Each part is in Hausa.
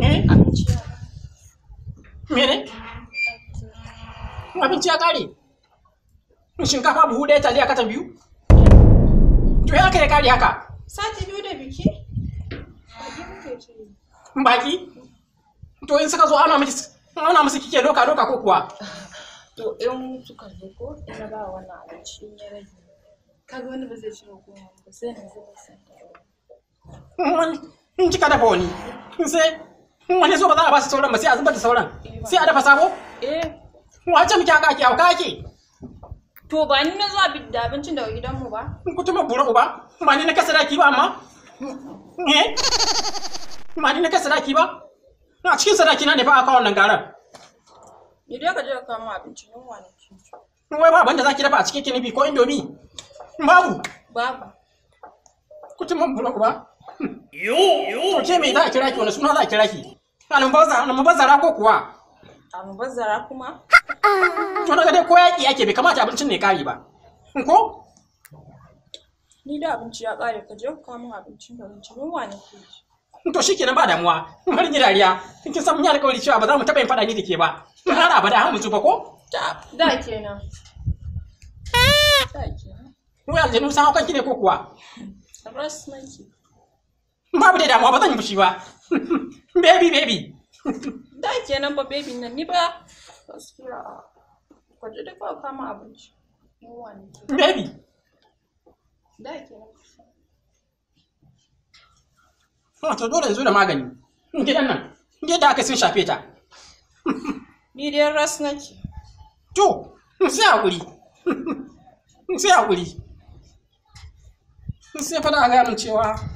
Eh? Mene? Abinci ya kare? Shinkafa buhu ɗaya taliya katan biyu? To ya ya kare haka? Sati biyu da biki? Baki? To in suka zo ana miki ana musu kike doka doka ko kuwa? To in suka zo ko ba wannan abinci in ya rage. Kaga wani ba zai ci ba ko ba sai na in kika dafa wani sai wani so ba za a ba su sauran ba sai a zubar da sauran sai a dafa sabo eh wace muke haka ake hauka ake to ba ni na zo da abincin da gidan mu ba kutuma bura uba ba ni na kasa daki ba amma eh ba ni na kasa daki ba a cikin sadaki na ne fa aka wannan garan ni dai ka je ka kamo abincin yunwa ne wai ba banda zaki dafa a cikin kinibi ko indomi babu babu kutuman bura ba. Yo, yo. To ce me za a kira ki wani suna za a kira ki? Almubazzara ko kuwa? A Almubazzara kuma? To daga dai ko yaƙi ake bai kamata abincin ne kari ba. Hmm, ko? Ni da abinci ya kare, ka je ka min abincin da abinci mun wani ke hmm, To shikenan ba damuwa. Har ni dariya. Kin san mun yi alƙawari cewa ba za mu taɓa yin faɗa ni da ke ba. Har abada har mu zuba, ko? Da kenan. Da kenan. Mu yanzu mun hakan ki ko kuwa? Tabbas nake. babu da damuwa ba zan yi fushi ba baby baby da kenan ba baby nan ni ba gaskiya ka ji duk ba kama abinci baby da kenan ah, to dole zo da magani gidan nan yadda aka sun shafe ta ni dai ras nake to sai hakuri sai hakuri sai fada a gaya min cewa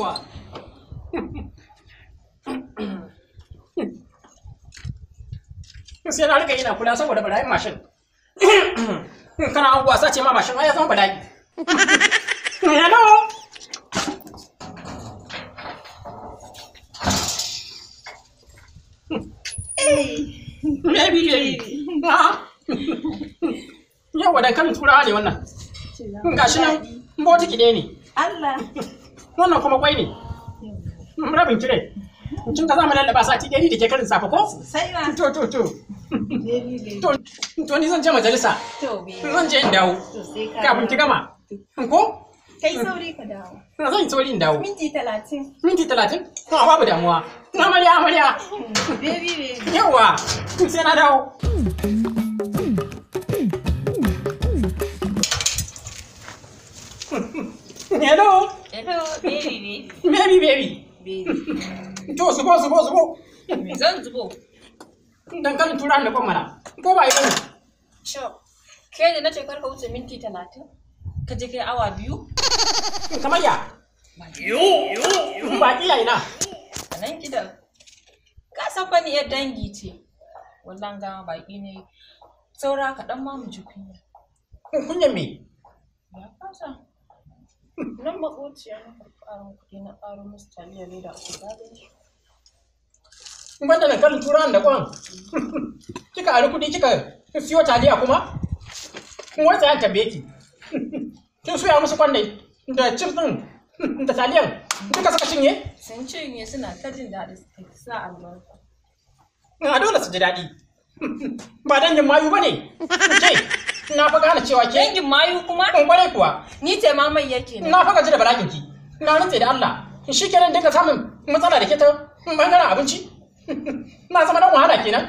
kuwa sai na rika yana kula saboda bala'in mashin kana an wasa ce ma mashin ai zama bala'i hello Maybe, maybe. Yau turawa ne wannan. Gashi nan motiki ɗaya ne. Allah. wannan kuma kwai ne rabin kire cin ka zama lallaba sati ɗari da ke karin safa ko sai to to to to ni zan je majalisa to zan je in dawo kafin ki gama ko kai sauri ka dawo na zan sauri in dawo minti 30 minti 30 to a babu damuwa na amarya amarya baby baby yawa sai na dawo Hello. baby baby. baby baby to zubo zubo zubo me zan zubo dankalin tura da kwamara ko ba yi bane ke da na ce karka wuce minti talatin ka je kai awa biyu kamar ya yiwu ba iya ina a nan gidan ka san fa ni dangi ce wallan ga baki ne saura ka dan ma mu ji kunya me Nan makociya na ƙarin kuɗi na ƙaro masu taliya ne da aka zaɓe shi. da na kan tura da kwan. Kika ari kuɗi kika siyo taliya kuma? Kun wata ya tambaye ki. Kin suya musu kwan da chips din da taliyan duka saka cinye? Sun cinye suna ta jin daɗi sa albarka. A dole su ji daɗi. Ba danyen mayu ba ne. na fa gane cewa ke dangin mayu kuma Kun mm, kware kuwa ni ce ma mai yake na fa gaji da barakin ki na rantse da Allah shi kenan dinga samun matsala da ke ta bangaren abinci na zama dan wahala kenan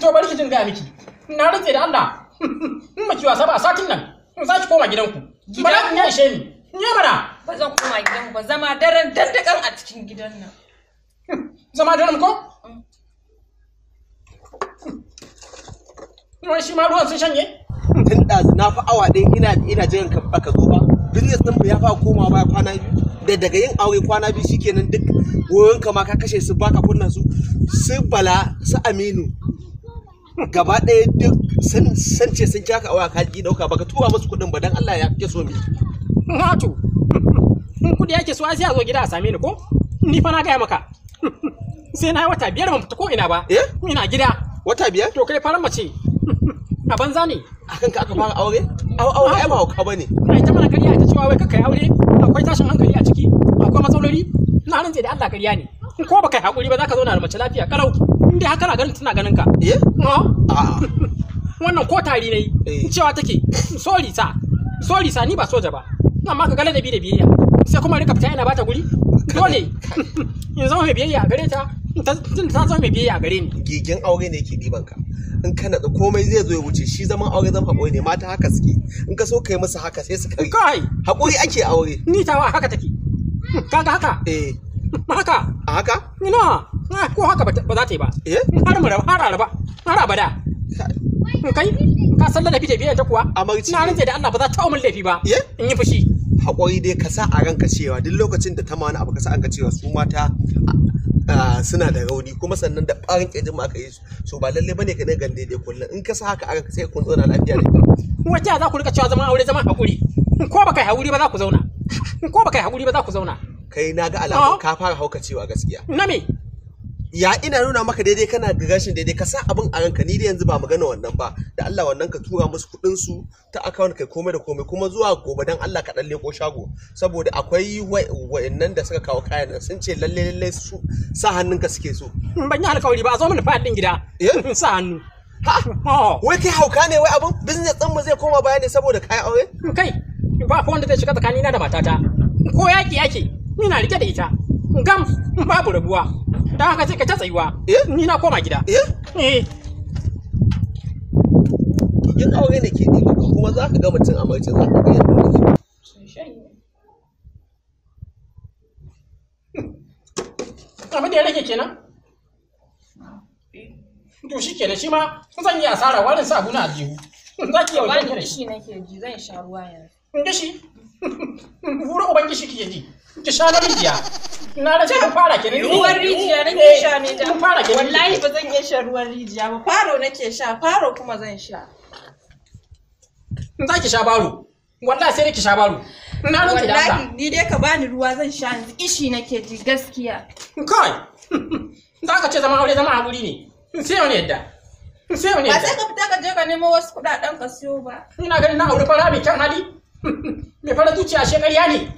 to bari ki jin gaya miki na rantse da Allah in ki wasa ba a satin nan za ki koma gidanku bala'in ya ishe ni ya mana ba zan koma gidan ba zama daren dandakan a cikin gidan nan zama daren ko mm. Wai shi ma ruwan sun shanye? tun da na fa awa ɗin ina ina jiran ka baka zo ba business din ya fa koma ba kwana da daga yin aure kwana biyu shikenan duk wurin ka ma ka kashe su baka kunna su su bala su aminu gaba ɗaya duk sun san ce sun kyaka awa ka ji dauka baka tuba musu kuɗin ba dan Allah ya kike so mi wato in kuɗi yake so sai a zo gida a same ni ko ni fa na gaya maka sai na wata biyar ban fita ko ina ba eh? ina gida wata biyar to kai fara mace a banza ne kan ka aka fara aure au aure ai ba hauka bane ai ta mana kariya ta cewa wai kai aure akwai tashin hankali a ciki akwai matsaloli ina rantse da Allah kariya ne ko ba kai hakuri ba za ka zauna da mace lafiya karau in dai haka na ganin tana ganin ka eh wannan ko tari ne eh. cewa take sorry sa sorry sa ni ba soja ba amma ka gala da bi da biyayya sai kuma rika fita yana bata guri dole yanzu mai biyayya gare ta ta zo mai biyayya gare ni gigin aure ne ke diban ka in ka nada komai zai zo ya wuce shi zaman aure zan haƙuri ne mata haka suke in ka so kai musu haka sai su kai kai haƙuri ake aure ni tawa haka take kaga haka eh haka a haka ina ah, ko haka ba za ta yi ba eh har mu har araba har abada kai ka san ladabi da biyayya ta kuwa amarci na rantsa da Allah ba za ta umar laifi ba eh? in yi fushi haƙuri dai ka sa a ranka cewa duk lokacin da ta ma wani abu ka sa an ka cewa su mata suna da rauni kuma sannan da ɓarin ƙirjin ma aka yi su so ba lalle bane ka ne gan daidai kullum in ka sa haka aka sai kun zauna lafiya da ita wata za ku rika cewa zaman aure zaman hakuri ko baka hakuri ba za ku zauna ko baka hakuri ba za ku zauna kai na ga alamun oh. ka fara hauka cewa gaskiya na me ya ina nuna maka daidai kana ga gashin daidai ka sa abin a ranka ni da yanzu ba magana wannan ba da Allah wannan ka tura musu kuɗin su ta account kai komai da komai kuma zuwa gobe dan Allah ka dan leko shago saboda akwai wayannan da suka kawo kayan sun ce lalle lalle su sa hannun ka suke so hmm, ban yi alkawari ba a zo mana din gida eh? sa hannu ha wai kai hauka ne wai abin business din mu zai koma baya ne saboda kai aure hmm, kai ba ko wanda zai shiga tsakanina da matata ko yaki yaki ina rike da ita gam babu rabuwa dan haka sai ka ta tsayuwa eh? ni na koma gida eh? eh yin aure ne ke ɗiba kuma za ka ga mutum a mace za ka ga yadda mutum abin da ya rage kenan to shi kenan shi ma zan yi asara warin sa abu na aljihu za ki yawa zan yi shi nake ji zan sha ruwa yanzu in gishi wuri uban gishi kike ji ki sha rijiya na rage ka fara ki ne ruwan rijiya nake eh, sha ne da fara ki wallahi ba zan iya shan ruwan rijiya ba faro nake sha faro kuma zan sha in za ki sha baro wallahi sai ki sha baro na rage da ni dai ka bani ruwa zan sha yanzu kishi nake ji gaskiya kai za ka ce zama aure zama haƙuri ne sai wani yadda sai wani yadda ba sai ka fita ka je ka nemo wasu kudaden ka siyo ba ina ganin na aure fara mai kyan hali mai fara zuciya ya ne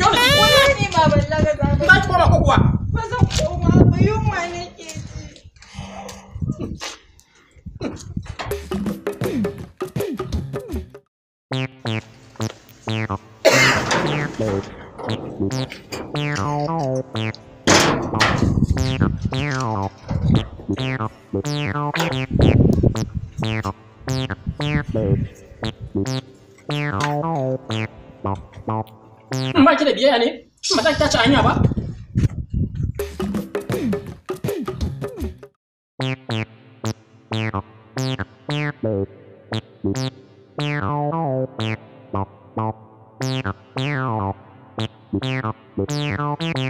Yon mwen ni mabel la gen zan. Nan chwa la kokwa? Mwen zan kou mabel, yon mwen ni kiti ba ki da biyayya ne ba za ki tace hanya ba Meow.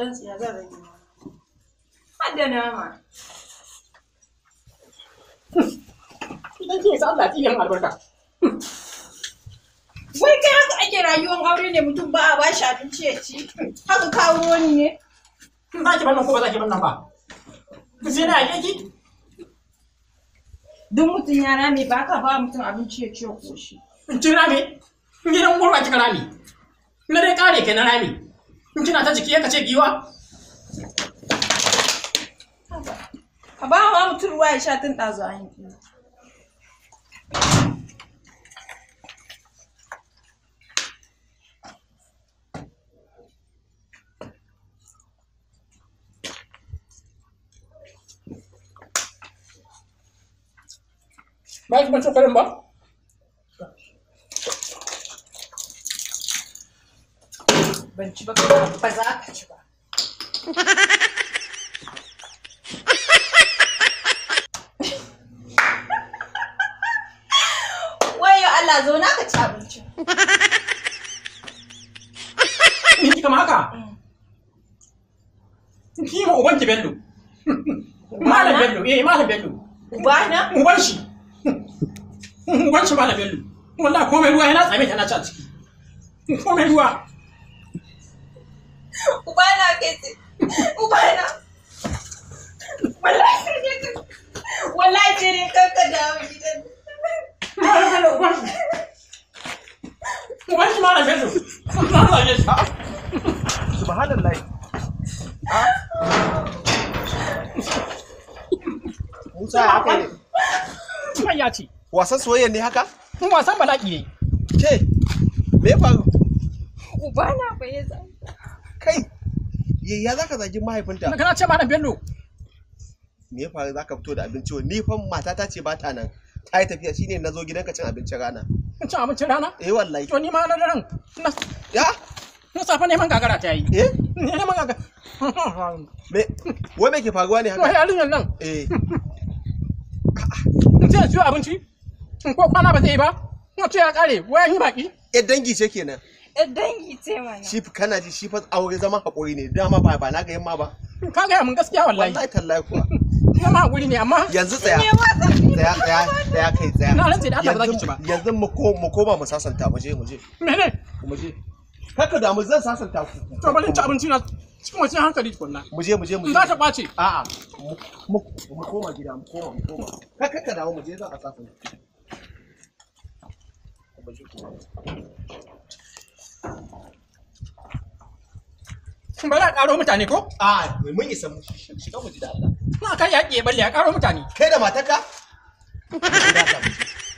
Dan tsiya zan Wai kai haka ake rayuwar aure ne mutum ba a bashi abinci ya ci. Haka kawo wani ne. Za ki bannan ko ba za ki bannan ba? Sai na ake ki? Duk mutum ya rame ba ka ba mutum abinci ya ci ya koshi. Kin rame? Gidan gurba kika rame. Na dai kare ke na rame. in kina ta jiki ya kace giwa a ba wa mutum ruwa ya sha tun ɗazu a yanki Mas, mas, caramba. ban ci ba za ka ci ba zo na ka ci abincin me kika haka mm. ki ma uban ki bello malam bello eh malam bello ubana uban shi uban shi malam bello wallahi komai ruwa yana tsame ci ciki komai ruwa ubana ke ubana wallahi ke ce wallahi ce ne kanka da gidan hello wash wash ma na bezu ma na je sa subhanallah Musa haka ne. Kuma ya ce. Wasan soyayya ne haka? Wasan bala'i ne. Ke, me kai yayya zaka zagi mahaifinta kana ce malam bello me ya faru zaka fito da abinci wa ni fa matata ce ba ta nan ta yi tafiya shine na zo gidanka cin abincin rana cin abincin rana eh wallahi to ni ma na daren ya na safa neman gagara ta yi eh Ni neman gagara me wai me ke faruwa ne haka wai yarinyar nan eh in ce siyo abinci ko kwana ba zai yi ba ko ce ya kare wai yi baki eh dangi ce kenan dangi ce mana shi kana ji shi fa aure zama hakuri ne dama ba ba na ga yamma ba ka ga mun gaskiya wallahi wallahi tallahi kuwa kuma hakuri ne amma yanzu tsaya tsaya tsaya tsaya kai tsaya na rantsi da Allah ba ci ba yanzu mu ko mu ko ba mu sasanta mu je mu je mene mu je haka da mu zan sasanta ku to bari ci abinci na cikin wacin hankali tukunna mu je mu je mu je za ta kwace a'a mu mu koma gida mu koma mu koma haka ka dawo mu je za a sasanta Thank you. Kun bari a ƙaro mutane ko? A mun isa mu shiga mu ji da Allah. Na kai yaƙi ya balle a ƙaro mutane. Kai da mataka?